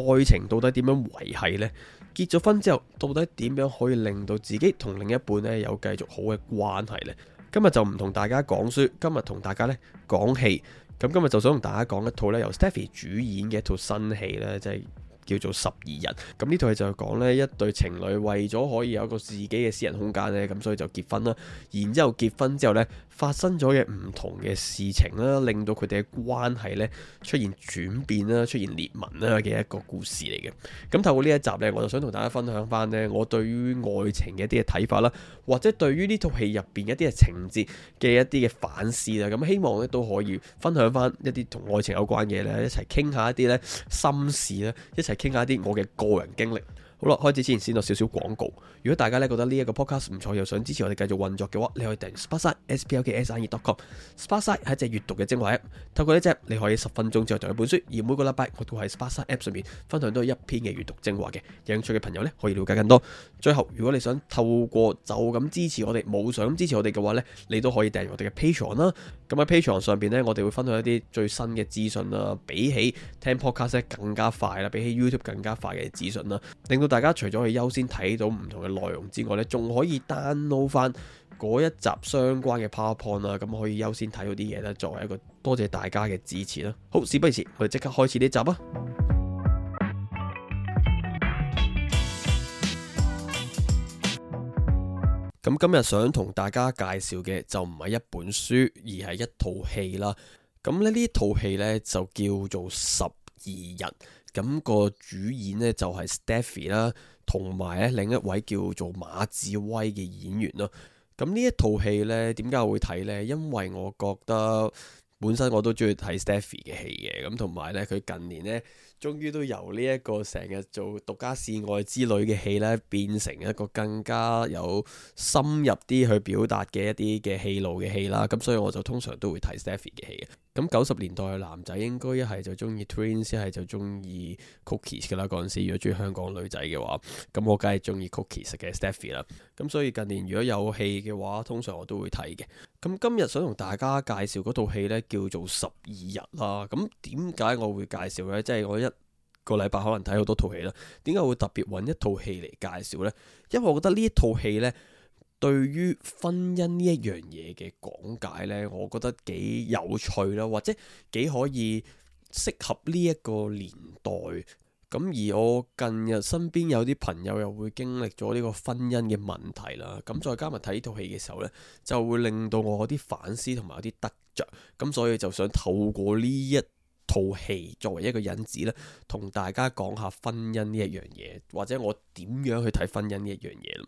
愛情到底點樣維繫呢？結咗婚之後到底點樣可以令到自己同另一半咧有繼續好嘅關係呢？今日就唔同大家講書，今日同大家咧講戲。咁今日就想同大家講一套咧由 Stephy 主演嘅一套新戲呢即係叫做《十二日》。咁呢套戲就係講呢一對情侶為咗可以有一個自己嘅私人空間呢，咁所以就結婚啦。然之後結婚之後呢。發生咗嘅唔同嘅事情啦，令到佢哋嘅關係咧出現轉變啦，出現裂紋啦嘅一個故事嚟嘅。咁透過呢一集呢，我就想同大家分享翻呢，我對於愛情嘅一啲嘅睇法啦，或者對於呢套戲入邊一啲嘅情節嘅一啲嘅反思啊。咁希望咧都可以分享翻一啲同愛情有關嘅咧，一齊傾下一啲呢心事啦，一齊傾下一啲我嘅個人經歷。好啦，開始之前先落少少廣告。如果大家咧覺得呢一個 podcast 唔錯，又想支持我哋繼續運作嘅話，你可以訂閱 Sparksine，sparksine dot com。Sparksine 係隻閱讀嘅精華 app。透過呢隻，你可以十分鐘左右就讀一本書。而每個禮拜我都喺 Sparksine app 上面分享到一篇嘅閱讀精華嘅。有興趣嘅朋友咧，可以了解更多。最後，如果你想透過就咁支持我哋，冇想咁支持我哋嘅話咧，你都可以訂閱我哋嘅 Patreon 啦。咁喺 Patreon 上邊咧，我哋會分享一啲最新嘅資訊啦，比起聽 podcast 更加快啦，比起 YouTube 更加快嘅資訊啦，令到，大家除咗可以優先睇到唔同嘅內容之外呢，仲可以 download 翻嗰一集相關嘅 PowerPoint 啦，咁可以優先睇到啲嘢咧，作為一個多謝大家嘅支持啦。好，事不宜遲，我哋即刻開始呢集啊！咁今日想同大家介紹嘅就唔係一本書，而係一套戲啦。咁咧呢套戲呢，就叫做《十二日》。咁個主演呢，就係 Stephy 啦，同埋咧另一位叫做馬志威嘅演員咯。咁呢一套戲呢，點解我會睇呢？因為我覺得本身我都中意睇 Stephy 嘅戲嘅，咁同埋呢，佢近年呢，終於都由呢一個成日做獨家試愛之類嘅戲呢，變成一個更加有深入啲去表達嘅一啲嘅戲路嘅戲啦。咁所以我就通常都會睇 Stephy 嘅戲嘅。咁九十年代嘅男仔應該一係就中意 Twins，一係就中意 Cookies 噶啦。嗰陣時如果中意香港女仔嘅話，咁我梗係中意 Cookies 嘅 Stephy 啦。咁所以近年如果有戲嘅話，通常我都會睇嘅。咁今日想同大家介紹嗰套戲呢，叫做《十二日》啦。咁點解我會介紹呢？即係我一個禮拜可能睇好多套戲啦。點解會特別揾一套戲嚟介紹呢？因為我覺得呢一套戲呢，對於婚姻呢一樣嘢嘅講解呢，我覺得幾有趣啦，或者幾可以適合呢一個年代。咁而我近日身邊有啲朋友又會經歷咗呢個婚姻嘅問題啦。咁再加埋睇呢套戲嘅時候呢，就會令到我有啲反思同埋有啲得着。咁所以就想透過呢一套戲作為一個引子呢，同大家講下婚姻呢一樣嘢，或者我點樣去睇婚姻呢一樣嘢。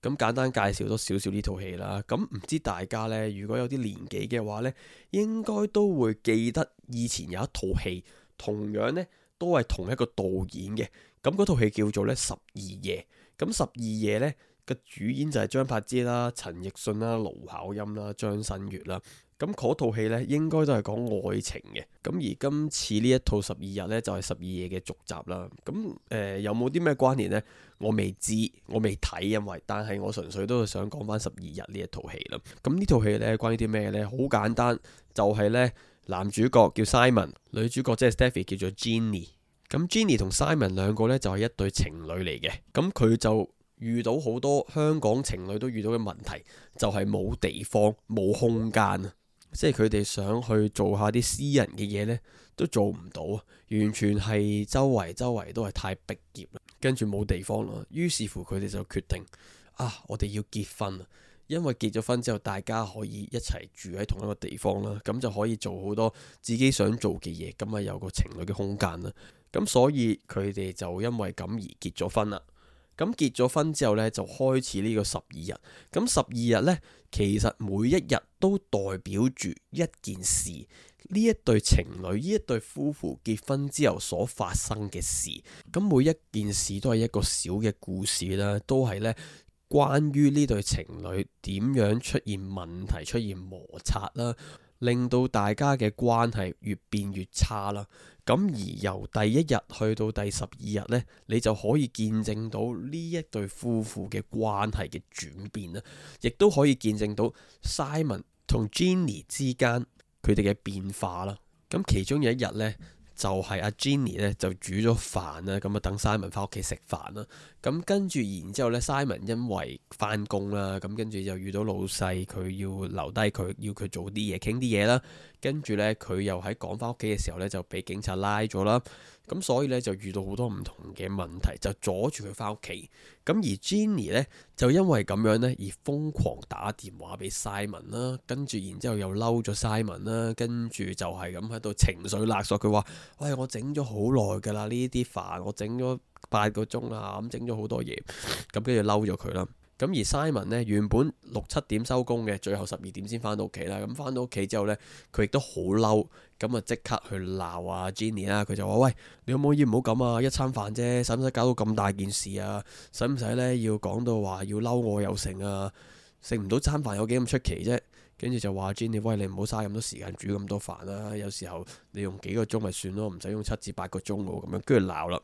咁簡單介紹多少少呢套戲啦。咁唔知大家呢，如果有啲年紀嘅話呢，應該都會記得以前有一套戲，同樣呢都係同一個導演嘅。咁嗰套戲叫做呢《十二夜》。咁《十二夜》呢個主演就係張柏芝啦、陳奕迅啦、盧巧音啦、張新月啦。咁嗰套戲呢，應該都係講愛情嘅，咁而今次呢一套十二日呢，就係十二夜嘅續集啦。咁、嗯、誒、呃、有冇啲咩關聯呢？我未知，我未睇，因為但係我純粹都想講翻十二日一、嗯、一呢一套戲啦。咁呢套戲呢關於啲咩呢？好簡單，就係、是、呢男主角叫 Simon，女主角即係 Stephie 叫做 Jenny。咁 Jenny 同 Simon 兩個呢，就係、是、一對情侶嚟嘅。咁佢就遇到好多香港情侶都遇到嘅問題，就係、是、冇地方、冇空間啊。即係佢哋想去做下啲私人嘅嘢呢，都做唔到，完全係周圍周圍都係太逼仄啦，跟住冇地方啦。於是乎，佢哋就決定啊，我哋要結婚啦，因為結咗婚之後，大家可以一齊住喺同一個地方啦，咁就可以做好多自己想做嘅嘢，咁啊有個情侶嘅空間啦。咁所以佢哋就因為咁而結咗婚啦。咁結咗婚之後呢，就開始呢個十二日。咁十二日呢，其實每一日都代表住一件事。呢一對情侶，呢一對夫婦結婚之後所發生嘅事，咁每一件事都係一個小嘅故事啦，都係呢，關於呢對情侶點樣出現問題、出現摩擦啦。令到大家嘅關係越變越差啦，咁而由第一日去到第十二日呢，你就可以見證到呢一對夫婦嘅關係嘅轉變啦，亦都可以見證到 Simon 同 Jenny 之間佢哋嘅變化啦。咁其中有一日呢。就係阿 Jenny 咧，就煮咗飯啦，咁啊等 Simon 翻屋企食飯啦，咁跟住，然之後咧 Simon 因為翻工啦，咁跟住就遇到老細，佢要留低佢，要佢做啲嘢，傾啲嘢啦。跟住呢，佢又喺趕返屋企嘅時候呢，就俾警察拉咗啦。咁所以呢，就遇到好多唔同嘅問題，就阻住佢返屋企。咁而 Jenny 呢，就因為咁樣呢，而瘋狂打電話俾 Simon 啦。跟住然之後又嬲咗 Simon 啦。跟住就係咁喺度情緒勒索佢話：喂、哎，我整咗好耐㗎啦，呢啲飯我整咗八個鐘啦，咁整咗好多嘢。咁跟住嬲咗佢啦。咁而 Simon 呢，原本六七點收工嘅，最後十二點先翻到屋企啦。咁翻到屋企之後呢，佢亦都好嬲，咁啊即刻去鬧啊 Jenny 啦。佢就話：喂，你可唔可以唔好咁啊？一餐飯啫，使唔使搞到咁大件事啊？使唔使呢？要講到話要嬲我又成啊？食唔到餐飯有幾咁出奇啫、啊？跟住就話 Jenny：喂，你唔好嘥咁多時間煮咁多飯啦、啊。有時候你用幾個鐘咪算咯，唔使用，用七至八個鐘喎咁樣，跟住鬧啦。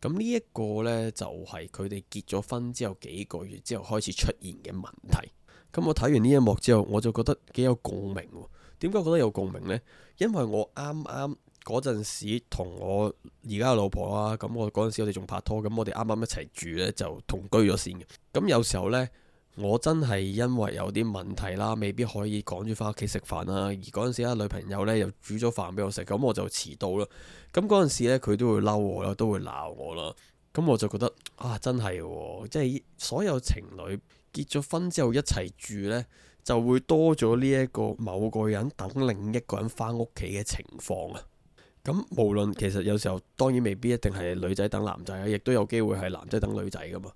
咁呢一個呢，就係佢哋結咗婚之後幾個月之後開始出現嘅問題。咁我睇完呢一幕之後，我就覺得幾有共鳴喎。點解覺得有共鳴呢？因為我啱啱嗰陣時同我而家嘅老婆啊。咁我嗰陣時我哋仲拍拖，咁我哋啱啱一齊住呢，就同居咗先嘅。咁有時候呢。我真係因為有啲問題啦，未必可以趕住翻屋企食飯啦，而嗰陣時女朋友咧又煮咗飯俾我食，咁我就遲到啦。咁嗰陣時咧佢都會嬲我啦，都會鬧我啦。咁我就覺得啊，真係即係所有情侶結咗婚之後一齊住呢，就會多咗呢一個某個人等另一個人翻屋企嘅情況啊。咁無論其實有時候當然未必一定係女仔等男仔啊，亦都有機會係男仔等女仔噶嘛。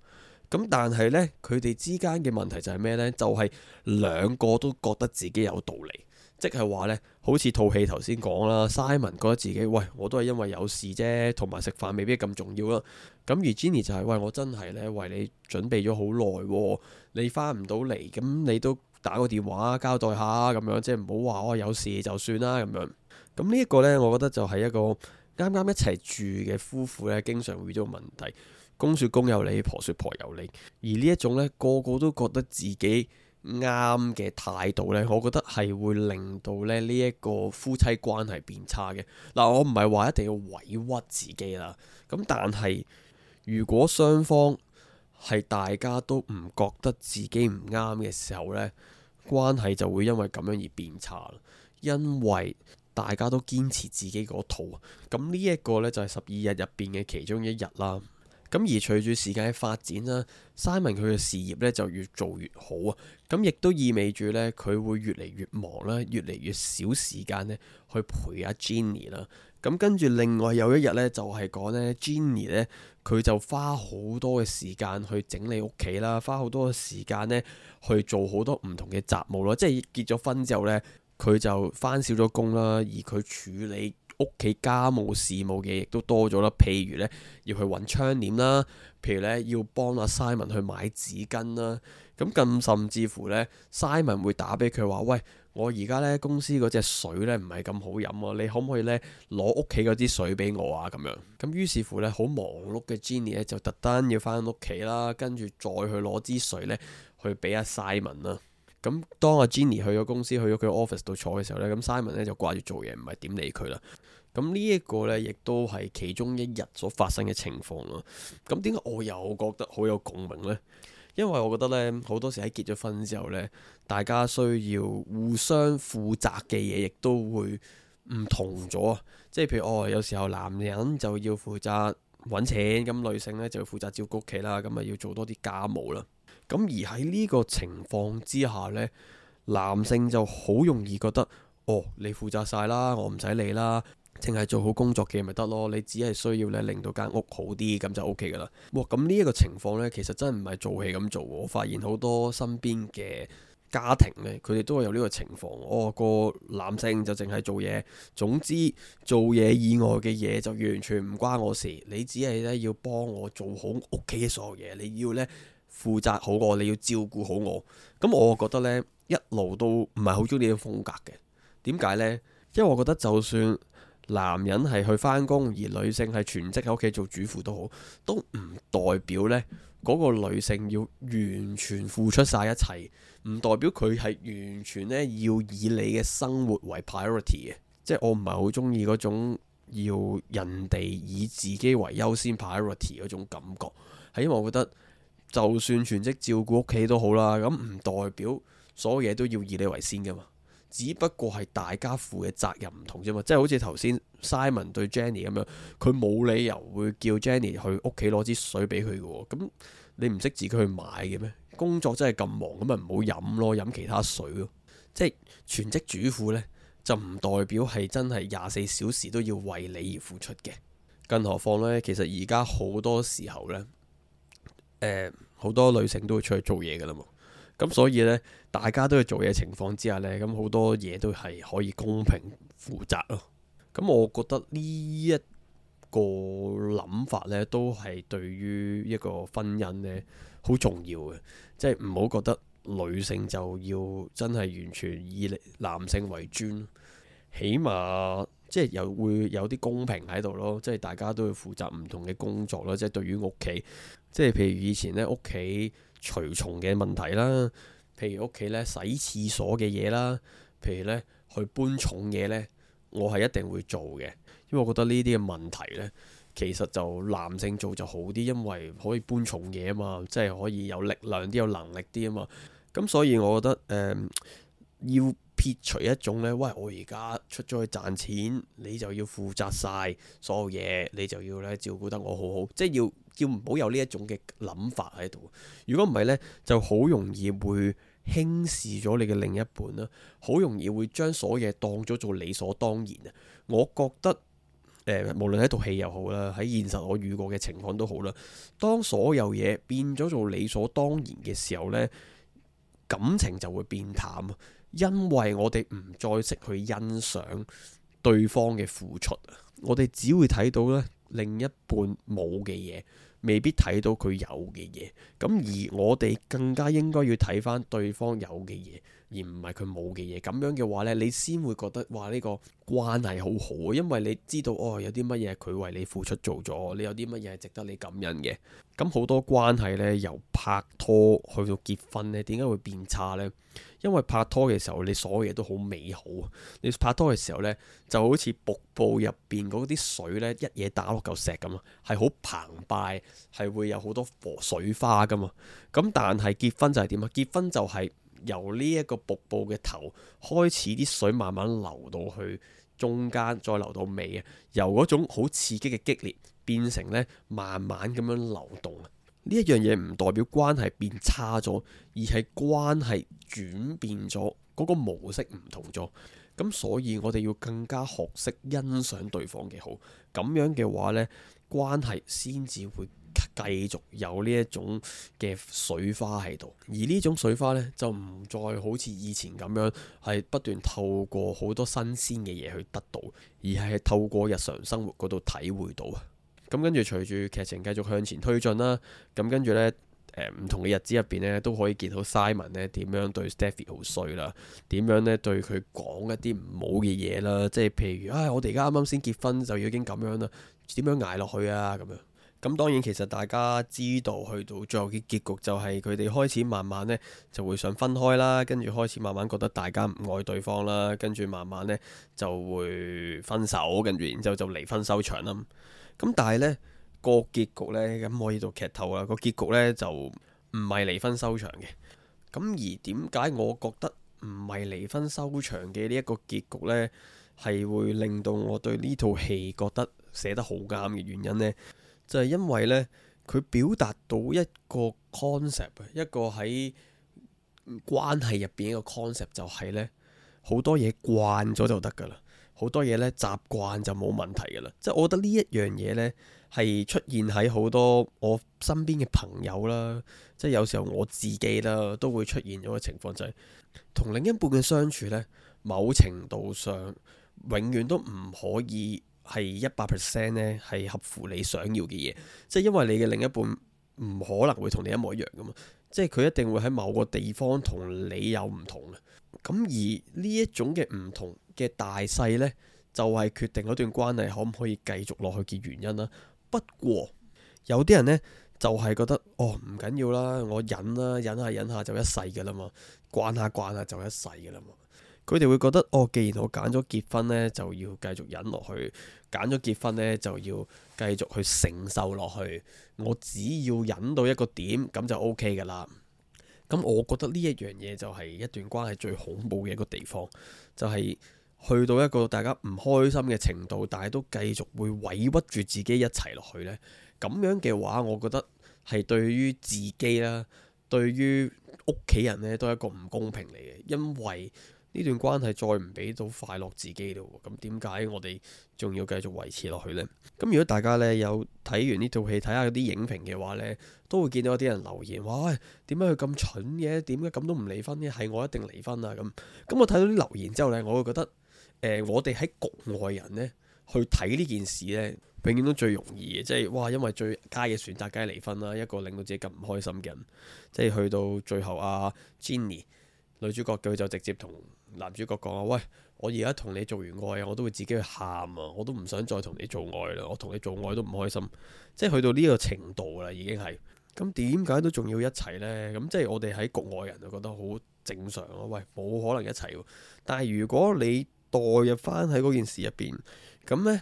咁但係呢，佢哋之間嘅問題就係咩呢？就係兩個都覺得自己有道理，即係話呢，好似套戲頭先講啦，Simon 覺得自己喂，我都係因為有事啫，同埋食飯未必咁重要啦。咁而 Jenny 就係喂，我真係呢，為你準備咗好耐，你翻唔到嚟，咁你都打個電話交代下咁樣，即係唔好話我有事就算啦咁樣。咁呢一個呢，我覺得就係一個啱啱一齊住嘅夫婦呢，經常會遇到問題。公說公有理，婆說婆有理。而呢一種咧，個個都覺得自己啱嘅態度呢，我覺得係會令到咧呢一個夫妻關係變差嘅嗱。我唔係話一定要委屈自己啦，咁但係如果雙方係大家都唔覺得自己唔啱嘅時候呢，關係就會因為咁樣而變差啦。因為大家都堅持自己嗰套，咁呢一個呢，就係十二日入邊嘅其中一日啦。咁而隨住時間嘅發展啦，Simon 佢嘅事業咧就越做越好啊！咁亦都意味住咧佢會越嚟越忙啦，越嚟越少時間咧去陪阿 Jenny 啦。咁跟住另外有一日咧，就係講咧 Jenny 咧，佢就花好多嘅時間去整理屋企啦，花好多嘅時間咧去做好多唔同嘅雜務咯。即係結咗婚之後咧，佢就返少咗工啦，而佢處理屋企家務事務嘅亦都多咗啦，譬如咧要去揾窗簾啦，譬如咧要幫阿 Simon 去買紙巾啦，咁咁甚至乎咧 Simon 會打俾佢話：喂，我而家咧公司嗰隻水咧唔係咁好飲啊，你可唔可以咧攞屋企嗰支水俾我啊？咁樣咁於是乎咧，好忙碌嘅 Jenny 咧就特登要返屋企啦，跟住再去攞支水咧去俾阿 Simon 啦。咁當阿 Jenny 去咗公司，去咗佢 office 度坐嘅時候咧，咁 Simon 咧就掛住做嘢，唔係點理佢啦。咁呢一個呢，亦都係其中一日所發生嘅情況咯。咁點解我又覺得好有共鳴呢？因為我覺得呢，好多時喺結咗婚之後呢，大家需要互相負責嘅嘢，亦都會唔同咗啊。即係譬如，哦，有時候男人就要負責揾錢，咁女性呢就要負責照顧屋企啦，咁啊要做多啲家務啦。咁而喺呢個情況之下呢，男性就好容易覺得，哦，你負責晒啦，我唔使理啦。淨係做好工作嘅咪得咯，你只係需要咧令到間屋好啲咁就 OK 噶啦。哇，咁呢一個情況呢，其實真係唔係做戲咁做。我發現好多身邊嘅家庭呢，佢哋都會有呢個情況。我、哦那個男性就淨係做嘢，總之做嘢以外嘅嘢就完全唔關我事。你只係呢，要幫我做好屋企嘅所有嘢，你要呢，負責好我，你要照顧好我。咁我覺得呢，一路都唔係好中意呢個風格嘅。點解呢？因為我覺得就算男人係去返工，而女性係全職喺屋企做主婦都好，都唔代表呢嗰個女性要完全付出晒一切，唔代表佢係完全呢要以你嘅生活為 priority 嘅。即係我唔係好中意嗰種要人哋以自己為優先 priority 嗰種感覺，係因為我覺得就算全職照顧屋企都好啦，咁唔代表所有嘢都要以你為先噶嘛。只不過係大家負嘅責任唔同啫嘛，即係好似頭先 Simon 對 Jenny 咁樣，佢冇理由會叫 Jenny 去屋企攞支水俾佢嘅喎。咁你唔識自己去買嘅咩？工作真係咁忙，咁咪唔好飲咯，飲其他水咯。即係全職主婦呢，就唔代表係真係廿四小時都要為你而付出嘅。更何況呢？其實而家好多時候呢，呃、好多女性都會出去做嘢嘅啦嘛。咁所以呢，大家都去做嘢情況之下呢，咁好多嘢都係可以公平負責咯。咁我覺得呢一個諗法呢，都係對於一個婚姻呢好重要嘅，即係唔好覺得女性就要真係完全以男性為尊，起碼。即係又會有啲公平喺度咯，即係大家都要負責唔同嘅工作咯。即係對於屋企，即係譬如以前咧屋企除蟲嘅問題啦，譬如屋企咧洗廁所嘅嘢啦，譬如咧去搬重嘢咧，我係一定會做嘅，因為我覺得呢啲嘅問題咧，其實就男性做就好啲，因為可以搬重嘢啊嘛，即係可以有力量啲、有能力啲啊嘛。咁所以我覺得誒、呃、要。撇除一種呢，喂，我而家出咗去賺錢，你就要負責晒所有嘢，你就要咧照顧得我好好，即係要要唔好有呢一種嘅諗法喺度。如果唔係呢，就好容易會輕視咗你嘅另一半啦，好容易會將所有嘢當咗、呃、做理所當然啊！我覺得誒，無論喺套戲又好啦，喺現實我遇過嘅情況都好啦，當所有嘢變咗做理所當然嘅時候呢，感情就會變淡。因為我哋唔再識去欣賞對方嘅付出，我哋只會睇到咧另一半冇嘅嘢，未必睇到佢有嘅嘢。咁而我哋更加應該要睇返對方有嘅嘢。而唔係佢冇嘅嘢，咁樣嘅話呢，你先會覺得話呢、呢個關係好好，因為你知道哦，有啲乜嘢佢為你付出做咗，你有啲乜嘢係值得你感恩嘅。咁、嗯、好多關係呢，由拍拖去到結婚呢，點解會變差呢？因為拍拖嘅時候，你所有嘢都好美好。你拍拖嘅時候呢，就好似瀑布入邊嗰啲水呢，一嘢打落嚿石咁啊，係好澎湃，係會有好多水花噶嘛。咁、嗯、但係結婚就係點啊？結婚就係、是。由呢一個瀑布嘅頭開始，啲水慢慢流到去中間，再流到尾啊！由嗰種好刺激嘅激烈，變成呢慢慢咁樣流動啊！呢一樣嘢唔代表關係變差咗，而係關係轉變咗，嗰個模式唔同咗。咁所以我哋要更加學識欣賞對方嘅好，咁樣嘅話呢，關係先至會繼續有呢一種嘅水花喺度，而呢種水花呢，就唔再好似以前咁樣係不斷透過好多新鮮嘅嘢去得到，而係透過日常生活嗰度體會到啊。咁跟住隨住劇情繼續向前推進啦，咁跟住呢，呃、唔同嘅日子入邊呢，都可以見到 Simon 呢點樣對 Stephy 好衰啦，點樣呢對佢講一啲唔好嘅嘢啦，即係譬如啊、哎，我哋而家啱啱先結婚就已經咁樣啦，點樣捱落去啊咁樣。咁當然，其實大家知道去到最後嘅結局，就係佢哋開始慢慢呢就會想分開啦，跟住開始慢慢覺得大家唔愛對方啦，跟住慢慢呢就會分手，跟住然之後就離婚收場啦。咁但係呢，個結局呢，咁我呢度劇透啦。個、結個結局呢，就唔係離婚收場嘅。咁而點解我覺得唔係離婚收場嘅呢一個結局呢，係會令到我對呢套戲覺得寫得好啱嘅原因呢。就係因為呢，佢表達到一個 concept，一個喺關係入邊一個 concept，就係呢，好多嘢慣咗就得噶啦，好多嘢呢習慣就冇問題噶啦。即係我覺得呢一樣嘢呢係出現喺好多我身邊嘅朋友啦，即係有時候我自己啦，都會出現咗嘅情況，就係同另一半嘅相處呢，某程度上永遠都唔可以，係一百 percent 咧，係合乎你想要嘅嘢，即係因為你嘅另一半唔可能會同你一模一樣噶嘛，即係佢一定會喺某個地方同你有唔同嘅，咁而呢一種嘅唔同嘅大細呢，就係、是、決定嗰段關係可唔可以繼續落去嘅原因啦。不過有啲人呢，就係、是、覺得哦唔緊要啦，我忍啦、啊，忍下、啊、忍下、啊啊、就一世噶啦嘛，慣下慣下就一世噶啦嘛。佢哋會覺得，哦，既然我揀咗結婚呢，就要繼續忍落去；揀咗結婚呢，就要繼續去承受落去。我只要忍到一個點，咁就 OK 㗎喇。咁我覺得呢一樣嘢就係一段關係最恐怖嘅一個地方，就係去到一個大家唔開心嘅程度，但係都繼續會委屈住自己一齊落去呢咁樣嘅話，我覺得係對於自己啦，對於屋企人呢，都係一個唔公平嚟嘅，因為呢段關係再唔俾到快樂自己咯，咁點解我哋仲要繼續維持落去呢？咁如果大家呢有睇完呢套戲，睇下啲影評嘅話呢，都會見到有啲人留言話，哇！點解佢咁蠢嘅？點解咁都唔離婚嘅？係我一定離婚啊！咁咁我睇到啲留言之後呢，我會覺得，呃，我哋喺局外人呢去睇呢件事呢，永遠都最容易嘅，即係哇！因為最佳嘅選擇梗係離婚啦，一個令到自己咁唔開心嘅人，即係去到最後啊 Jenny。女主角佢就直接同男主角講啊，喂，我而家同你做完愛啊，我都會自己去喊啊，我都唔想再同你做愛啦，我同你做愛都唔開心，即係去到呢個程度啦，已經係。咁點解都仲要一齊呢？咁即係我哋喺局外人就覺得好正常咯。喂，冇可能一齊。但係如果你代入翻喺嗰件事入邊，咁呢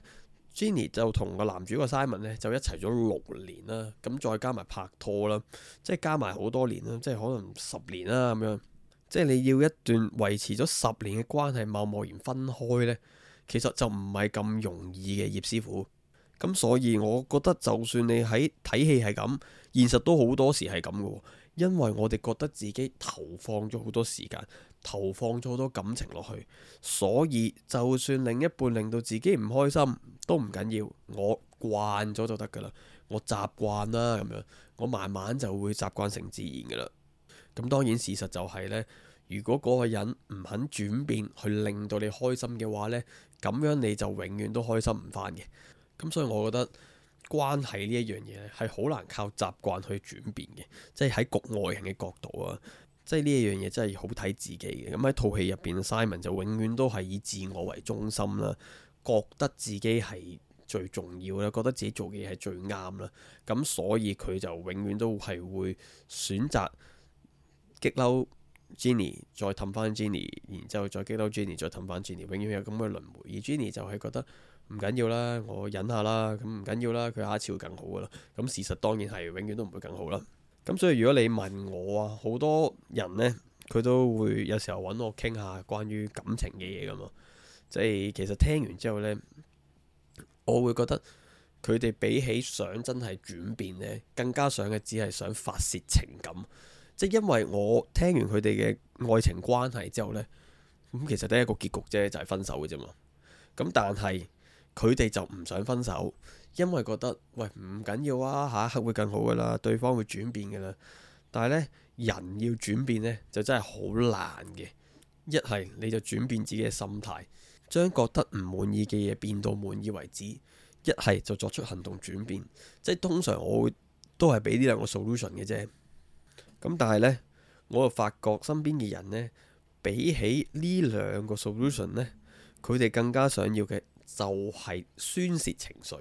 ，Jenny 就同個男主角 Simon 呢，就一齊咗六年啦，咁再加埋拍拖啦，即係加埋好多年啦，即係可能十年啦咁樣。即係你要一段維持咗十年嘅關係，貿貿然分開呢，其實就唔係咁容易嘅，葉師傅。咁所以我覺得，就算你喺睇戲係咁，現實都好多時係咁嘅。因為我哋覺得自己投放咗好多時間，投放咗好多感情落去，所以就算另一半令到自己唔開心都唔緊要，我慣咗就得㗎啦。我習慣啦咁樣，我慢慢就會習慣成自然㗎啦。咁當然事實就係呢。如果嗰個人唔肯轉變，去令到你開心嘅話呢，咁樣你就永遠都開心唔返嘅。咁所以我覺得關係呢一樣嘢咧，係好難靠習慣去轉變嘅。即係喺局外人嘅角度啊，即係呢一樣嘢真係好睇自己嘅。咁喺套戲入邊，Simon 就永遠都係以自我為中心啦，覺得自己係最重要啦，覺得自己做嘅嘢係最啱啦。咁所以佢就永遠都係會選擇激嬲。Jenny 再氹翻 Jenny，然之後再激嬲 Jenny，再氹翻 Jenny，永遠有咁嘅輪回。而 Jenny 就係覺得唔緊要啦，我忍下啦，咁唔緊要啦，佢下一次會更好噶啦。咁事實當然係永遠都唔會更好啦。咁所以如果你問我啊，好多人呢，佢都會有時候揾我傾下關於感情嘅嘢噶嘛。即係其實聽完之後呢，我會覺得佢哋比起想真係轉變呢，更加想嘅只係想發洩情感。即係因為我聽完佢哋嘅愛情關係之後呢，咁其實得一個結局啫，就係、是、分手嘅啫嘛。咁但係佢哋就唔想分手，因為覺得喂唔緊要啊，下一刻會更好噶啦，對方會轉變噶啦。但係呢，人要轉變呢，就真係好難嘅。一係你就轉變自己嘅心態，將覺得唔滿意嘅嘢變到滿意為止；一係就作出行動轉變。即係通常我都係俾呢兩個 solution 嘅啫。咁但係呢，我就發覺身邊嘅人呢，比起呢兩個 solution 呢，佢哋更加想要嘅就係宣洩情緒。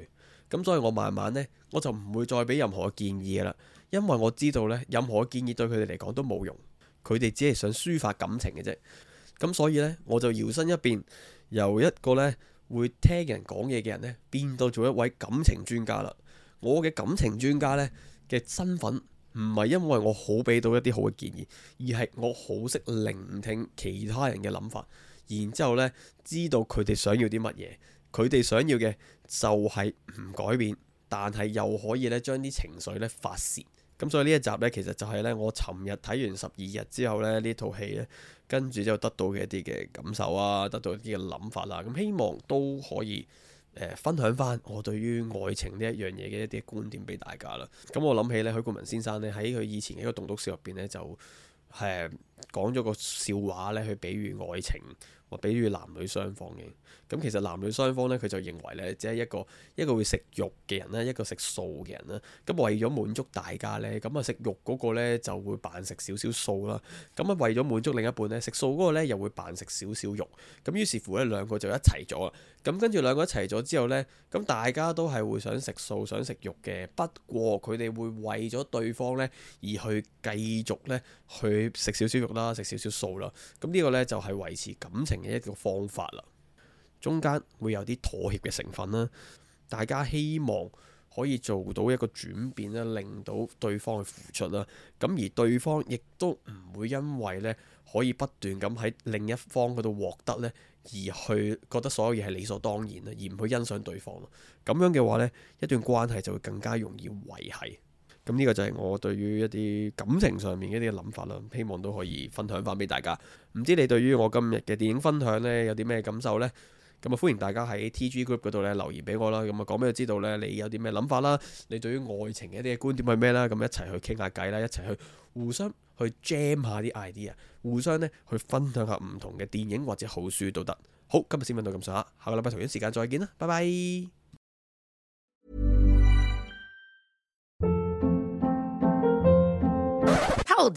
咁所以，我慢慢呢，我就唔會再俾任何嘅建議㗎啦，因為我知道呢，任何嘅建議對佢哋嚟講都冇用，佢哋只係想抒發感情嘅啫。咁所以呢，我就搖身一變，由一個呢會聽人講嘢嘅人呢，變到做一位感情專家啦。我嘅感情專家呢嘅身份。唔係因為我好俾到一啲好嘅建議，而係我好識聆聽其他人嘅諗法，然之後呢，知道佢哋想要啲乜嘢，佢哋想要嘅就係唔改變，但係又可以呢將啲情緒呢發洩。咁所以呢一集呢，其實就係呢我尋日睇完十二日之後呢呢套戲呢，跟住之後得到嘅一啲嘅感受啊，得到一啲嘅諗法啦、啊。咁希望都可以。呃、分享翻我對於愛情呢一樣嘢嘅一啲觀點俾大家啦。咁、嗯、我諗起咧許冠文先生咧喺佢以前嘅一個棟篤笑入邊咧就係講咗個笑話咧去比喻愛情，或比喻男女雙方嘅。咁、嗯、其實男女雙方咧佢就認為咧即係一個一個會食肉嘅人啦，一個食素嘅人啦。咁、嗯、為咗滿足大家咧，咁啊食肉嗰個咧就會扮食少少素啦。咁、嗯、啊為咗滿足另一半咧食素嗰個咧又會扮食少少肉。咁、嗯、於是乎咧兩個就一齊咗啦。咁跟住兩個一齊咗之後呢，咁大家都係會想食素、想食肉嘅。不過佢哋會為咗對方呢而去繼續呢去食少少肉啦，食少少素啦。咁呢個呢就係維持感情嘅一個方法啦。中間會有啲妥協嘅成分啦，大家希望可以做到一個轉變啦，令到對方去付出啦。咁而對方亦都唔會因為呢可以不斷咁喺另一方嗰度獲得呢，而去覺得所有嘢係理所當然啦，而唔去欣賞對方咯。咁樣嘅話呢，一段關係就會更加容易維係。咁呢個就係我對於一啲感情上面嘅一啲嘅諗法啦。希望都可以分享翻俾大家。唔知你對於我今日嘅電影分享呢，有啲咩感受呢？咁啊，歡迎大家喺 T G Group 嗰度咧留言俾我啦。咁啊，講俾我知道咧，你有啲咩諗法啦？你對於愛情嘅一啲嘅觀點係咩啦？咁一齊去傾下偈啦，一齊去互相去 jam 下啲 idea，互相咧去分享下唔同嘅電影或者好書都得。好，今日先問到咁上下，下個禮拜同樣時間再見啦，拜拜。Hold